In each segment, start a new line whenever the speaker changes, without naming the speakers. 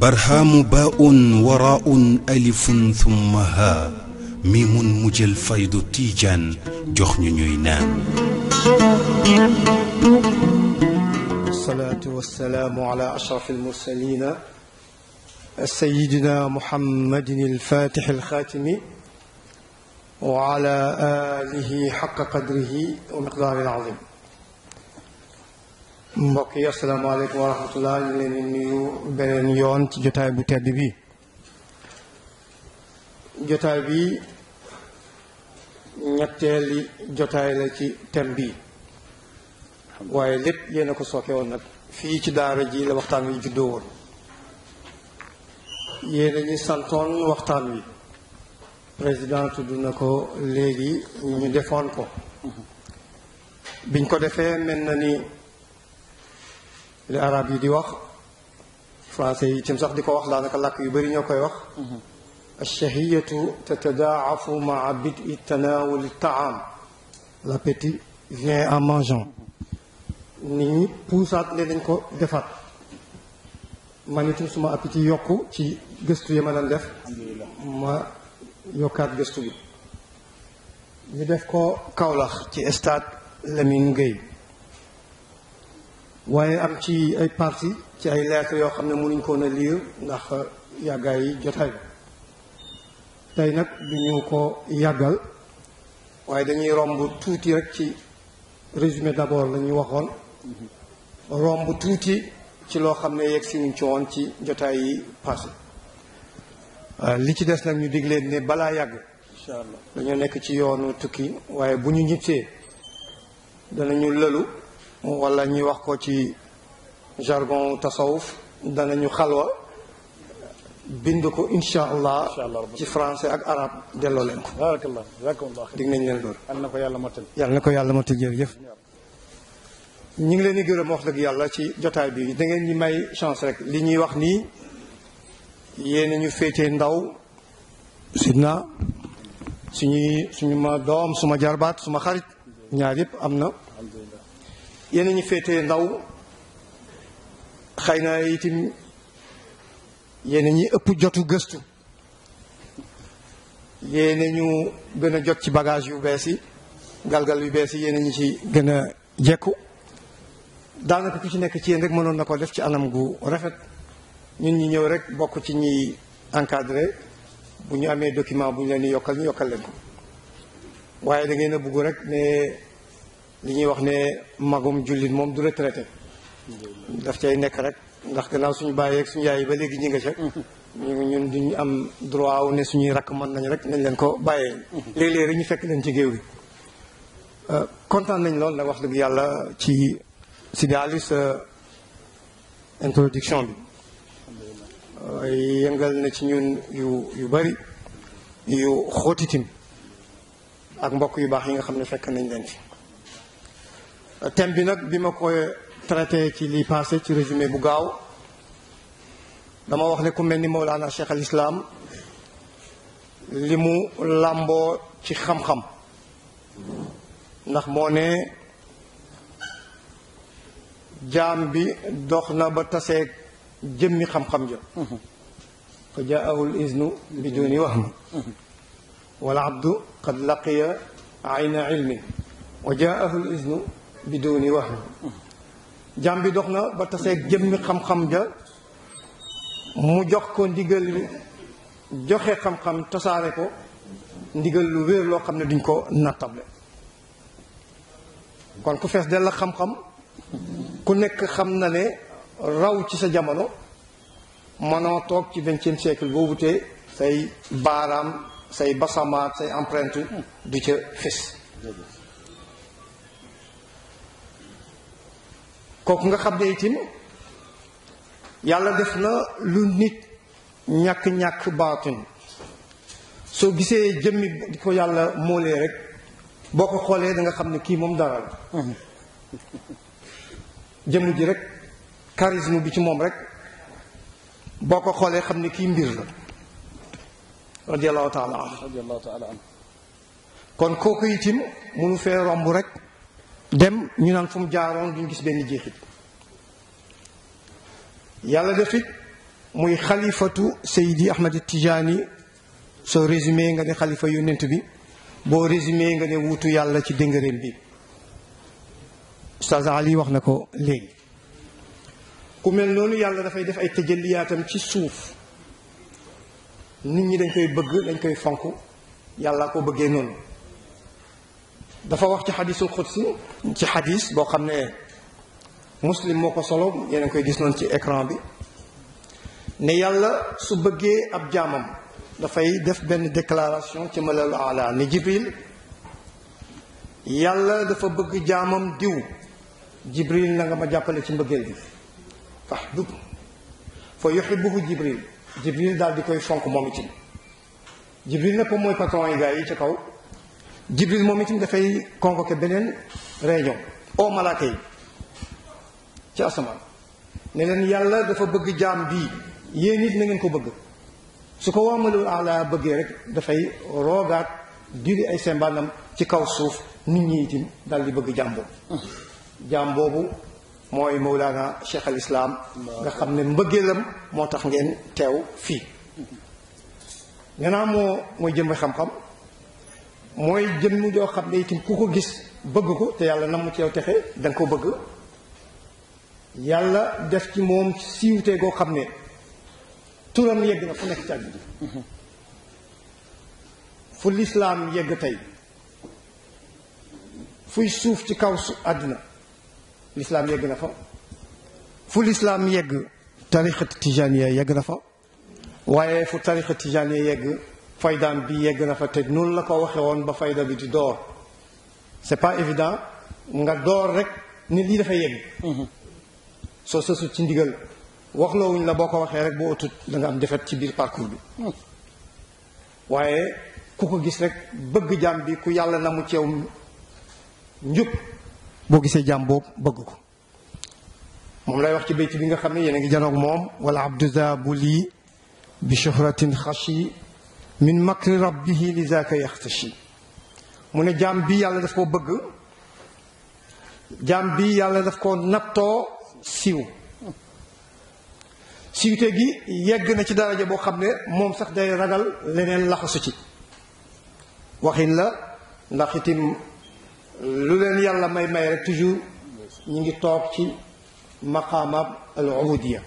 برهام باء وراء ألف ثم ها ميم مجل فيض تيجان جخن نينان الصلاة والسلام على أشرف المرسلين سيدنا محمد الفاتح الخاتم وعلى آله حق قدره ومقدار العظيم مبقي السلام عليكم ورحمة الله لنيو بين يون جتاي بو تيد بي جتاي بي نيتيلي جتاي لا سي تيم بي واي ليب يينكو سوكي وون نك في سي دارا جي لا وقتان وي جودو وون يينا ني سانتون وقتان وي président tudd na ko léegi ñu defoon ko biñ ko defee mel na ni li arab yi di wax français yi itam sax di ko wax daanaka làkk yu bëri ñoo koy wax a alchahiyatu tatadaafu maa bidi tanaawuli taam l'appétit vient en mangeant nit ñi puusaat ne dañ ko defaat man itam suma appétit yokk ci gëstu yi ma doon def yokkaat gëstu bi ñu def ko Kaolack ci stade Lamine Gueye waaye am ci ay parti ci ay lettre yoo xam ne nuñ koon a liir ndax euh, yàggaay yi jotaay tey nag du ko yàggal waaye dañuy romb tuuti rek ci résumé d'abord la ñuy waxoon mhm. romb tuuti ci loo xam ne yegg si wuñ ci woon ci jotaay yi passé Euh, li ci des nag ñu dig leen ne balaa yàgg incha dañoo nekk ci yoonu tukki waaye bu ñu ñibbisee danañu lëlu wala ñuy wax ko ci jargon tasawuf danañu xalwa bind ko incha allah ci français ak arabe delloo leen ko. barakallah dig nañ leen loolu. yal ko yàlla motal yal na ko yàlla motal jërëjëf. ñu ngi leen di gërëm wax dëgg yàlla ci jotaay bi da ñi may chance rek li ñuy wax nii. yéen ñu féete ndaw sidna suñuy suñu ma doom suma jarbaat suma xarit ñaar yëpp am na yéen ñu féete ndaw xëy na itam yéen ñi ëpp jotu gëstu yéen ñu gën a jot ci bagage yu bees yi galgal yu bees yi yéen ñi ci gën a jekku daanaka ku ci nekk ci yéen rek mënoon na ko def ci anam gu rafet ñun ñi ñëw rek bokku ci ñi encadré bu ñu amé document bu ñu leen di yokkal ñu yokal leen ko waye da ngeen a bugg rek né li ñi wax né magum julit mom du retraité daf cey nek rek ndax gannaaw suñu baye ak suñu yaay ba légui ñi nga ca ñu ñun duñu am droit wu ne suñuy rak man nañ rek nañ leen ko baye léeg-léeg rek ñu fekk leen ci géew gi euh, kontaan nañ lool nag wax dëgg yàlla ci si daali euh, introduction bi yëngal na ci ñun yu bari yu xóotitim ak mbokk yu baax yi nga xam ne fekk nañ leen ci thème bi nag bi ma ko traité ci li passé ci résumé bu gaaw dama wax ne ku mel ni Mawlana Cheikh al Islam li mu làmboo ci xam-xam ndax moo ne jaam bi dox na ba tasee jëmmi xam-xam ja mhm. fa jaahu l iznu bi duni wahmi wal abdu qad laqiya ayna ilmi wa jaahu l iznu bi duni wahmi jàm bi dox na ba taseeg jëmmi xam-xam ja mu jox ko ndigal joxe xam-xam tasaare ko ndigal lu wéer loo xam ne duñ ko nattable kon ku fees dell la xam-xam ku nekk xam na ne raw ci sa jamono mënoo toog ci vingtième siècle boobu te say baaraam say basamaat say empreinte du ca fis kooku nga xam ne itam yàlla def na lu nit ñàkk-ñàkk baatin soo gisee jëmmi ko yàlla moolee rek boo ko xoolee danga xam ne kii moom dara la jëmm ji rek charisme bi ci mom rek boko xolé xamni ki mbir la radiyallahu taala radiyallahu an kon kooku itim munu fe rombu rek dem ñu nan fum jaaroon duñ gis ben jeexit yàlla defit muy khalifatu sayyidi Ahmad tijani so résumé nga ne xalifa yonent bi bo résumé nga ne wutu yàlla ci déngëréem bi ustaz Ali wax nako legi ku mel nonu yàlla da fay def ay tejeliyatam ci souf nit ñi dañ koy bëgg dañ koy fonku yàlla ko bëggee noonu dafa wax ci xadiisul xudsi ci hadith bo xamne muslim moko solo yéen a koy gis non ci écran bi ne yàlla su bëgge ab jamam da fay def ben déclaration ci malal ala ni jibril yàlla dafa bëgg jamam diw jibril na nga ma jàppale ci mbëggel bi waaw dugg fa yuhibbuhu jibril jibril daal di koy fonk moom itam jibril na moom mooy patron yi gars yi ca kaw jibril moom itam dafay convoqué beneen réunion o malaaka yi ci asamaan ne leen yàlla dafa bëgg jaam bii yéen it na ko bëgg su ko waamalul ala bëggee rek dafay roogaat diri ay sembaanam ci kaw suuf nit ñi itam daal di bëgg jaam boobu jaam boobu mooy Mawlana Cheikh al Islam nga xam ne mbëggeelam moo tax ngeen teew fii gannaaw moo mooy jëmm xam-xam mooy jëmm joo xam ne itam ku ko gis bëgg ko te yàlla nam mu ci yow texe danga nga ko bëgg yàlla def ci moom siiwte goo xam ne turam yegg na fu nekk ci àdduna fu lislaam yegg tey fuy suuf ci kaw su àdduna lislaam yegg na fa fu lislaam yegg tariqa tijaaniya yegg na fa waaye fu tariqa tijaaniya yegg faydaan bi yegg na fa te noonu la ko waxe woon ba fayda bi di door c'est pas évident nga door rek nit lii dafay yegg mhm. soo sësu ci ndigal wax loowuñ la boo ko waxee rek boo otut da nga am defet ci biir parcours bi mhm. waaye ku ko gis rek bëgg jaam bi ku yàlla na mu ceew njub boo gisee jàmm boobu bëgg ko moom lay wax ci béyt bi nga xam ne yéen a ngi janoog moom wala abduza bu lii bi shuhratin xashi min makri rabbihi li zaaka yaxtashi mu ne jaam bi yàlla daf ko bëgg jaam bi yàlla daf ko nattoo siw siwte gi yegg na ci daraja boo xam ne moom sax day ragal leneen laxasu ci waxin la ndax itim lu leen yàlla may may rek toujours ñu ngi toog ci maqaamab al ubudiya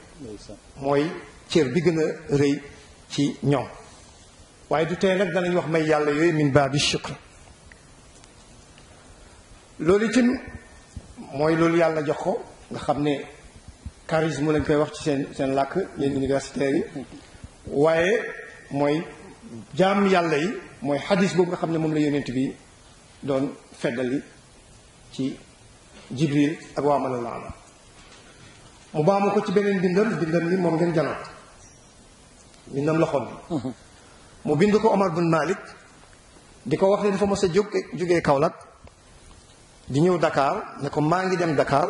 mooy cër bi gën a rëy ci ñoom waaye du tey nag danañ wax may yàlla yooyu min baabi shukr loolu itam mooy loolu yàlla jox ko nga xam ne charisme lañ koy wax ci seen seen làkk yéen universitaires yi waaye mooy jaam yàlla yi mooy xadis boobu nga xam ne moom la yonent bi doon feddali ci jibril ak waa mën laa laala mu ma ko ci beneen bindam bindam li moom ngeen janoon bindam loxoom bi mu bind ko Omar bun Malik di ko wax ne dafa mos a jóg jóge Kaolack di ñëw dakaar ne ko maa ngi dem dakaar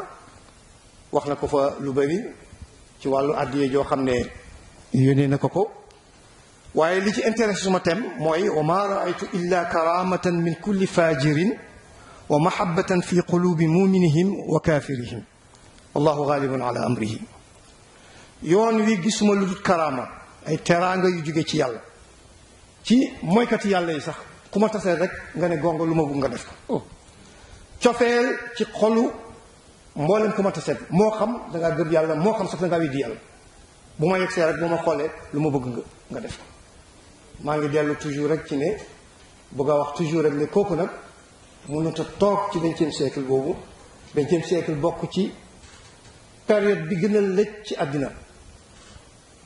wax na ko fa lu bari ci wàllu àddiyee joo xam ne yónnee na ko ko waaye li ci intéressé suma tem mooy wa ma raaytu illa karamatan min kulli fajirin wa mahabatan fi qulubi muminihim wa kaafirihim wallahu gaalibun ala amrihi yoon wi gisuma lu dul karaama ay teraanga yu jóge ci yàlla ci moykati yàlla yi sax ku ma tasee rek nga ne gonga lu ma bugg nga def ko cofeel ci xolu mboolem ku ma tasee moo xam da ngaa gëm yàlla moo xam sax da ngaa weddi yàlla bu ma yegsee rek bu ma xoolee lu ma bëgg nga nga def ko maa ngi dellu toujours rek ci ne bëgg a wax toujours rek ne kooku nag mënut a toog ci vingtième siècle boobu vingtième siècle bokk ci période bi gën a lëj ci àddina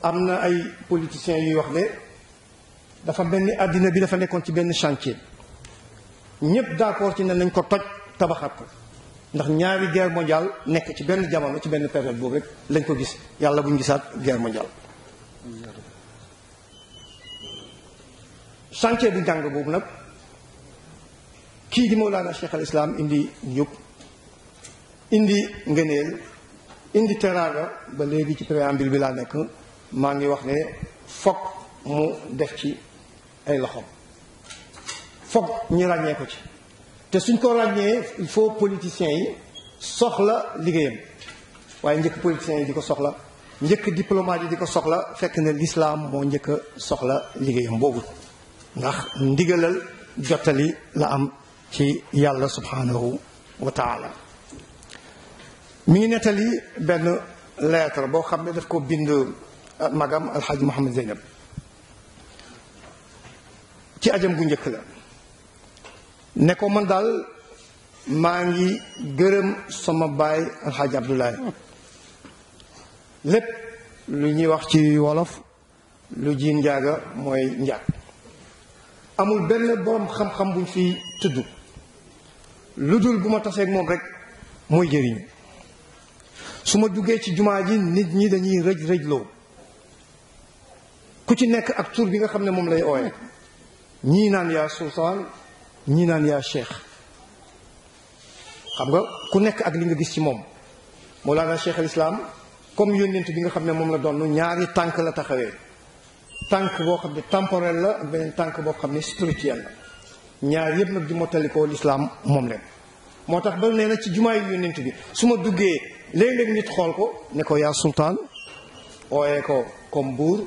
am na ay politiciens yuy wax ne dafa mel ni àddina bi dafa nekkoon ci benn chantier ñëpp d'accord ci ne nañ ko toj tabaxat ko ndax ñaari guerre mondiale nekk ci benn jamono ci benn période boobu rek lañ ko gis yàlla buñ gisaat guerre mondiale chantier bu njàng boobu nag kii di Mawlana Cheikh al Islam indi njub indi ngëneel indi teraanga ba léegi ci préambule bi laa nekk maa ngi wax ne fokk mu def ci ay loxoom fokk ñu ràññee ko ci te suñ ko ràññee il faut politiciens yi soxla liggéeyam waaye njëkk politiciens yi di ko soxla njëkk diplomate yi di ko soxla fekk ne lislaam moo njëkk a soxla liggéeyam boobu ndax ndigalal jottali la am ci yàlla subhanahu wa taala mi ngi nettali benn lettre boo xam ne daf ko bind ah, magam alxaaji Mohamed Zeynab ci ajam gu njëkk la ne ko man daal maa ngi gërëm sama baay alxaaji Abdoulaye lépp lu ñuy wax ci wolof lu ji njaaga mooy njaag amul benn borom xam-xam buñ fi tudd lu dul bu ma taseeg moom rek mooy jëriñ su ma duggee ci jumaa ji nit ñi dañuy rëj rëj rëjloo ku ci nekk ak tur bi nga xam ne moom lay ooye ñii naan yaa sultaan ñii naan yaa cheikh xam nga ku nekk ak li nga gis ci moom Mawlana Cheikh al Islam comme yónnent bi nga xam ne moom la doon ñaari tànk la taxawee tànk boo xam ne temporel la ak beneen tànk boo xam ne spirituel la ñaar yëpp nag di ko lislaam moom leen moo tax ba nee na ci jumaa yu yonent bi su ma duggee léeg-léeg nit xool ko ne ko yaa sultaan ooyee ko comme buur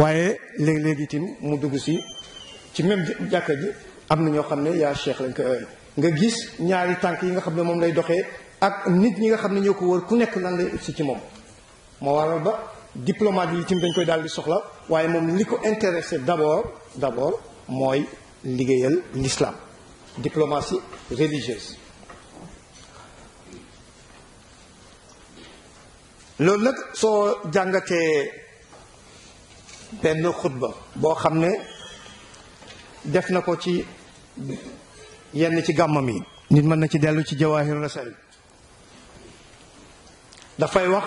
waaye léeg-léeg mu dugg si ci même jàkka am na ñoo xam ne yaa cheikh lañ ko nga gis ñaari tànk yi nga xam ne moom lay doxee ak nit ñi nga xam ne ko wër ku nekk lan lay si ci moom moo waral ba diplomate yi itam dañ koy daal di soxla waaye moom li ko intéressé d'abord d'abord mooy liggéeyal l'islam diplomatie religieuse loolu nag soo jàngatee benn xutba boo xam ne def na ko ci yenn ci gàmmam yi nit mën na ci dellu ci jawaahir rasal dafay wax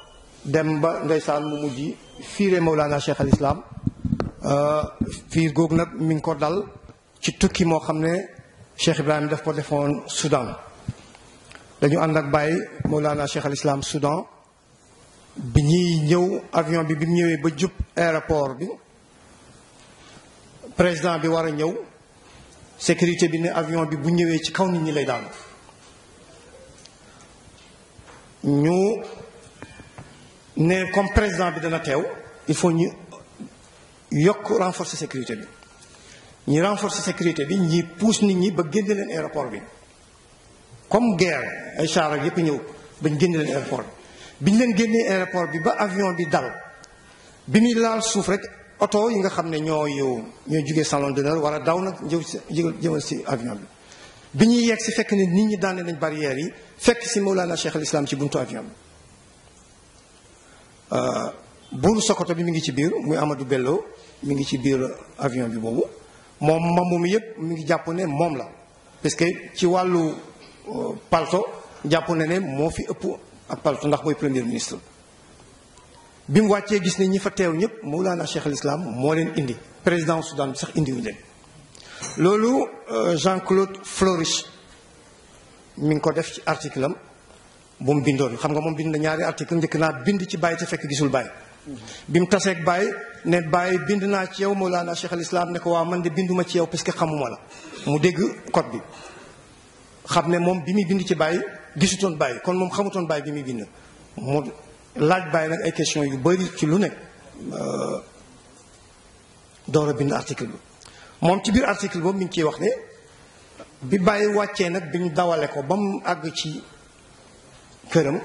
dem ba ndeysaan mu mujj fiire Mawlana Cheikh al Islam euh, fiir googu nag mi ngi ko dal ci tukki moo xam ne Cheikh Ibrahim daf ko defoon Soudan dañu ànd ak bàyyi Mawlana Cheikh al Islam Soudan bi ñuy ñëw avion bi bi mu ñëwee ba jub aéroport bi président bi war a ñëw sécurité bi ne avion bi bu ñëwee ci kaw nit ñi lay daan ñu ne comme président bi dana teew il faut ñu yok renforcer sécurité bi ñi renforcer sécurité bi ñi pousse nit ñi ba génn leen aéroport bi comme guerre ay char ak yëpp ñëw bañ génn leen aéroport bi biñ leen génnee aéroport bi ba avion bi dal bi muy laal suuf rek oto yi nga xam ne ñoo yow ñoo jugee salon d'honneur war daw nag jëw si jëwal si avion bi bi ñuy yegg si fekk ne nit ñi daane nañ barrière yi fekk si Mawlana Cheikh al Islam ci buntu avion bi Euh, buuru Sokoto bi mi ngi ci biir muy amadu Bello mi ngi ci biir avion bi boobu moom mamu mi yëpp mi ngi jàpp ne moom la parce que ci wàllu euh, palto jàpp ne ne moo fi ëpp ak palto ndax mooy premier ministre bi mu wàccee gis ne ñi fa teew ñëpp Mawlana Cheikh al Islam moo leen indi président Soudan bi sax indiwuñu leen loolu euh, Jean-Claude Floris mi ngi ko def ci article bu mu bindoon xam nga moom bind na ñaari article njëkk naa bind ci Baye te fekk gisul Baye. bi mu taseeg Baye ne Baye bind naa ci yow Mawlana Cheikh al Islam ne ko waa man de binduma ci yow parce que xamuma la mu dégg code bi. xam ne moom bi muy bind ci Baye gisutoon Baye kon moom xamutoon Baye bi muy bind mu laaj Baye nag ay question yu bëri ci lu nekk door a bind article bi moom ci biir article boobu mi ngi ciy wax ne bi bàyyi wàccee nag bi dawale ko ba mu àgg ci. këram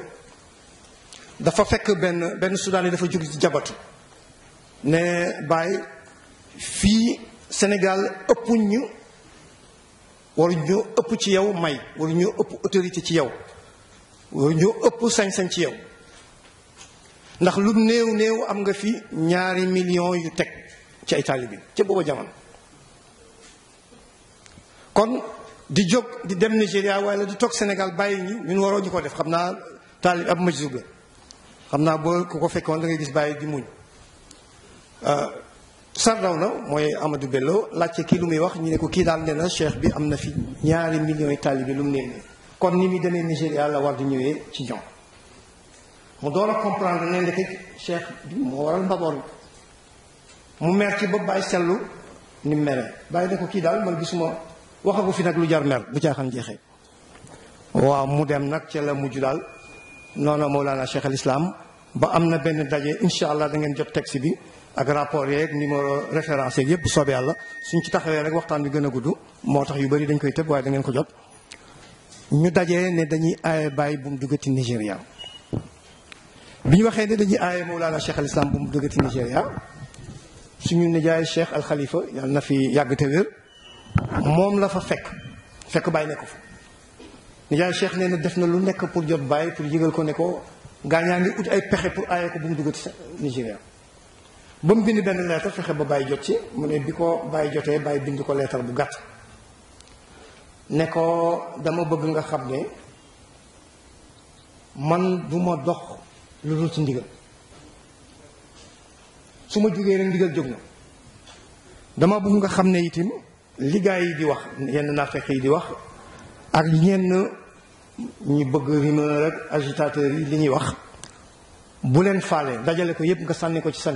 dafa fekk benn benn soudanais dafa jóg ci jabatu ne bàyyi fii Sénégal ëpp ñu waru ñoo ëpp ci yow may waru ñoo ëpp autorité ci yow waru ñoo ëpp sañ-sañ ci yow ndax lu néew néew am nga fi ñaari million yu teg ci ay taalibe ca booba jamono kon di jóg di dem Nigéria wala di toog Sénégal bàyyi ñu ñun waroo ñu ko def xam naa taalib ab majzub la xam naa boo ku ko fekkoon da ngay gis bàyyi di muñ euh, Sardaawna mooy Amadou Bello laajte kii lu muy wax ñu ne ko kii daal nee na bi am na fi ñaari millions yi taalibe lu mu nee kon ni muy demee Nigéria la war di ñëwee ci ñoom mu door a comprendre ne ndeke cheikh bi moo waral mbaboor mu mer ci ba bàyyi sellu ni mu mere bàyyi ne ko kii daal man gisuma waxagu fi nag lu jar mer bu caaxaan jeexee waaw mu dem nag ca la mujj daal noona Mawlana Cheikh al Islam ba am na benn daje incha allah dangeen ngeen jot texte bi ak rapport yeeg numéro référence yeeg yëpp bu soobee yàlla suñ ci taxawee rek waxtaan bi gën a gudd moo tax yu bari dañ koy tëb waaye da ngeen ko jot ñu dajee ne dañuy aaye bàyyi bu mu duggati Nigéria bi ñu waxee ne dañuy aaye Mawlana Cheikh al Islam bu mu duggati Nigéria suñu nijaay Cheikh al Khalifa yàlla fi yàgg te moom la fa fekk fekk bàyyi ne ko fa nijaay Cheikh nee na def na lu nekk pour jot bàyyi pour yëgal ko ne ko gaañaa ngi ut ay pexe pour aaye ko bu mu duggati sa Nigéria ba mu bind benn leetar fexe ba bàyyi jot ci mu ne bi ko bàyyi jotee bàyyi bind ko leetar bu gàtt ne ko dama bëgg nga xam ne man du dox lu dul ci ndigal su ma jógee rek ndigal jóg na dama bëgg nga xam ne itim li gaa yi di wax yenn naafeq yi di wax ak ñenn ñu bëgg rumeur ak agitateur yi li ñuy wax bu leen faale dajale ko yépp nga sànni ko ci sa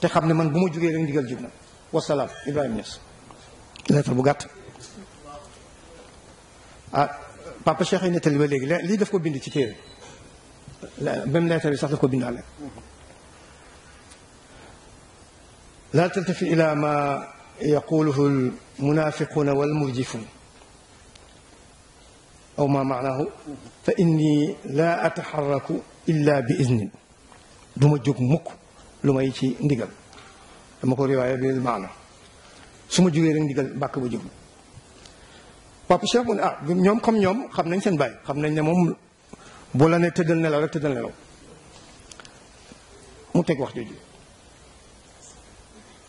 te xam ne man bu ma jugee rek ndigal jub na wasalaam Ibrahima Niass bu gàtt ah papa Cheikh ay lii daf ko bind ci téere même lettre yi sax daf ko bindaale laa taltafit ila ma يقوله المنافقون والمرجفون أو ما معناه فإني لا أتحرك إلا بإذن duma jóg mukk lu may ci ndigal dama ko riwaaya bi maana su ma jógee rek ndigal mbàkk ba jóg papa Cheikh mu ne ah ñoom comme ñoom xam nañ seen bàyyi xam nañ ne moom bu la ne tëddal nelaw rek tëddal nelaw mu teg wax jooju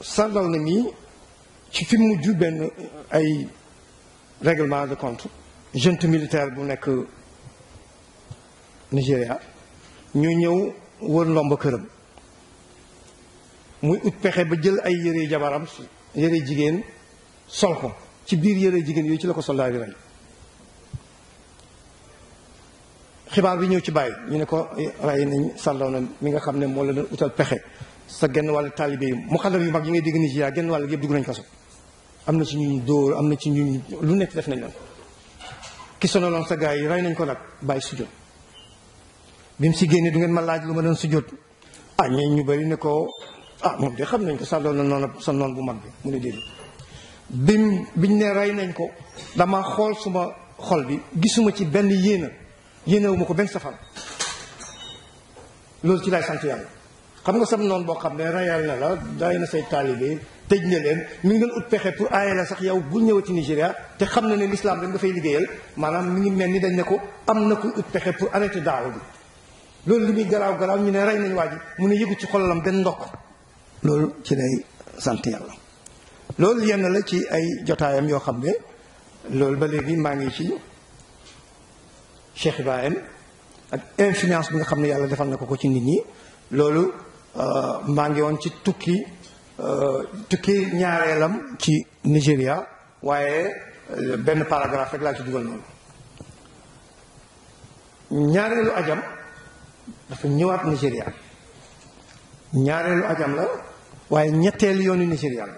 sardaw na mii ci fi mujj benn euh, ay règlement de compte junte militaire bu nekk Nigéria ñu ñëw wër ndomba këram muy ut pexe ba jël ay yëre jabaram yëre jigéen sol ko ci biir yëre jigéen yooyu ci la ko soldat bi rey xibaar bi ñëw ci bàyyi ñu ne ko eh, rey nañ sàllaw na mi nga xam ne moo la doon utal pexe sa genn wàll taalibe yi mu xaddam yu mag yi ngay dégg Nigéria genn wàll yëpp dugg nañ kaso am na ci ñu dóor am na ci ñu lu nekk def nañ la ki sonaloon sa gars yi rey nañ ko nag bàyyi sujjóot bi mu si génnee du ngeen ma laaj lu ma doon sujjóot ah ñeen ñu bari ne ko ah moom de xam nañ ko sàlloo na noonu sa noon bu mag bi mu ne déedéet bim biñ ne rey nañ ko dama xool suma xol bi gisuma ci benn yéena yéenewuma ko benn safaan loolu ci lay sant yàlla xam nga sam noonu boo xam ne rayal na la day na say taalibe tëj na leen mi ngi doon ut pexe pour aaye la sax yow bu ñëwee ci Nigéria te xam na ne l'islam rek nga fay liggéeyal maanaam mi ngi mel ni dañ ne ko am na ku ut pexe pour arrêter daaw bi loolu li muy garaaw garaaw ñu ne rey nañ waa mu ne yëgu ci xolalam benn ko loolu ci lay sant yàlla loolu yenn la ci ay jotaayam yoo xam ne loolu ba léegi maa ngi ci Cheikh baayam ak influence bi nga xam ne yàlla defal na ko ko ci nit ñi Euh, maa ngi woon ci tukki euh, tukki ñaareelam ci Nigéria waaye euh, benn paragraphe rek laa ci dugal noonu ñaareelu ajam dafa ñëwaat Nigéria ñaareelu ajam la waaye ñetteelu yoonu Nigéria la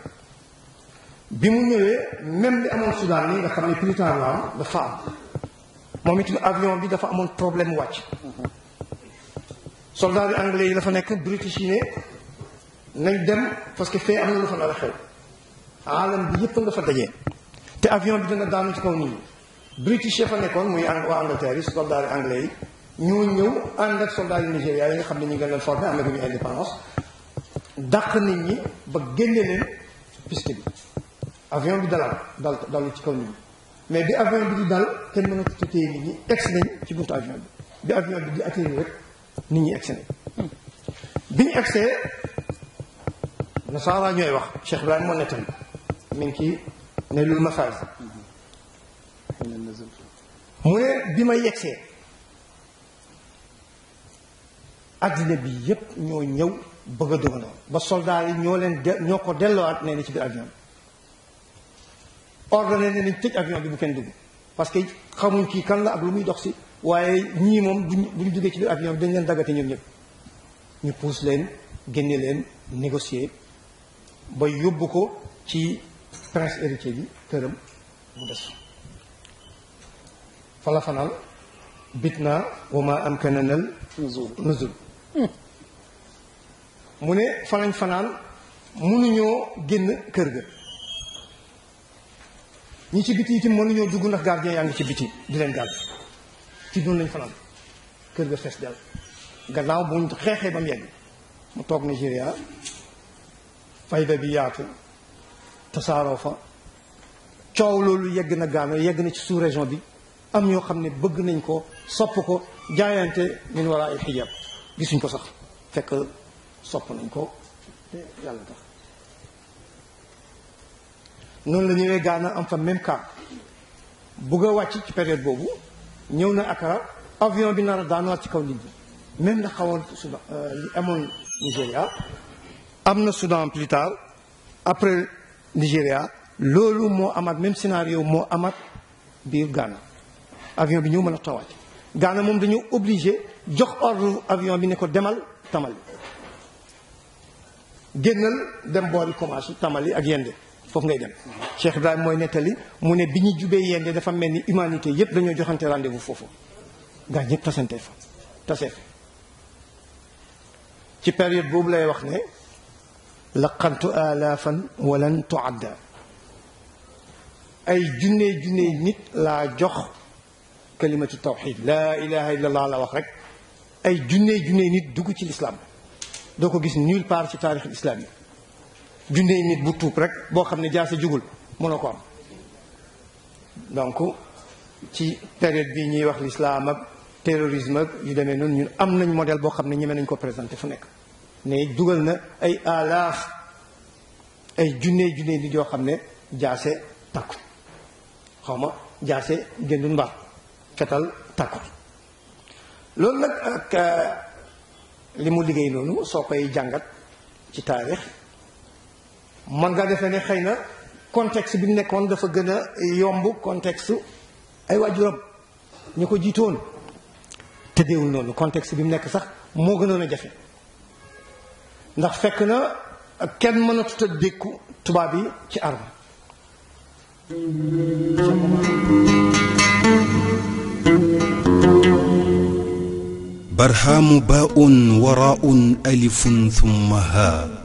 bi mu ñëwee même bi amoon Soudan nii nga xam ne plus tard la am dafa am moom avion bi dafa amoon problème wàcc mhm. soldats yu anglais yi la fa nekk british yi ne nañ dem parce que fee am na lu fa nar a xew alam bi yëpp nga fa dajee te avion bi dina daanu ci kaw nit ñi british ya muy waa Angleterre yi soldats yu anglais yi ñoo ñëw ànd ak yu Nigéria yi nga xam ne ñu ngi leen formé am na ñu indépendance dàq nit ñi ba génne leen piste bi avion bi dalal dal dalu ci kaw nit ñi mais bi avion bi di dal kenn mënatu téye nit ñi egsi ci buntu avion bi bi avion bi di atterrir rek nit ñi egsi nañ bi ñu egsee nasaara ñooy wax Cheikh Ibrahima moo nettali mi ngi ci Naylul Masaaj mu ne bi may egsee addina bi yépp ñoo ñëw bëgg a dugg ba soldat yi ñoo leen de ñoo ko delloowaat ne na ci biir avion bi ordonné ne nañ tëj avion bi bu kenn dugg parce que xamuñ kii kan la ak lu muy dox si waaye ñii moom buñ buñ duggee ci biir avion bi dañ leen daggate ñoom ñëpp ñu puus leen génne leen négocier ba yóbbu ko ci prince héritier bi këram mu des fa la fanaan bit naa wa ma am kananal nuzul mu ne fanañ fanaan mënuñoo génn kër ga ñi ci biti itam mënuñoo dugg ndax gardien yaa ci biti di leen gàll ci dund lañ fanaan kër ga fees dell gannaaw bu ñu xeexee ba mu yegg mu toog Nigéria fayda bi yaatu tasaaroo fa coow loolu yegg na Gàmbi yegg na ci sous région bi am yoo xam ne bëgg nañ ko sopp ko jaayante min wara ay xijaab gisuñ ko sax fekk sopp nañ ko te yàlla noonu la ñëwee Gaana am fa même cas bugg a wàcc ci période boobu ñëw na ak Accra avion bi nar a daanuwaat ci kaw nit ñi même la xawoon Soudan euh, li amoon Nigéria am na Soudan plus tard après Nigéria loolu moo amaat même scénario moo amat biir Ghana avion bi ñëw mën a tawal ci gaana moom dañoo obligé jox ordre avion bi ne ko demal Tamale génnal dem boori commencé Tamale ak Yende foofu ngay dem Cheikh Ibrahima mooy nettali mu ne bi ñu jubee yende dafa mel ni humanité yëpp dañoo joxante rendez-vous foofu gaa ñëpp tasante fa tasee fa ci période boobu lay wax ne laqantu alaafan walan tuadda ay junne junne nit laa jox kalimatu tawxid laa ilaha illallah la wax rek ay junne junne nit dugg ci lislaam doo ko gis nulle part ci taarix islam yi junneey nit bu tuub rek boo xam ne jógul jugul mënoo ko am donc ci période bi ñuy wax l'islam ak terrorisme ak yu demee noonu ñun am nañ modèle boo xam ne ñeme nañ ko présenté fu nekk ne dugal na ay alaaf ay junne junneey nit yoo xam ne jaase takku xaw ma jaase gëndul mbar ketal takku loolu nag ak euh, li mu liggéey noonu soo koy jàngat ci taarix man nga defé ne xeyna contexte bi nékkone dafa gëna yomb contexte ay waajuram ñu jittone té déwul nonu contexte bi mu nekk sax mo gënoon a jafe ndax fekk na kenn mëna a dékku tuba bi ci arme برهام باء وراء ألف ثم هاء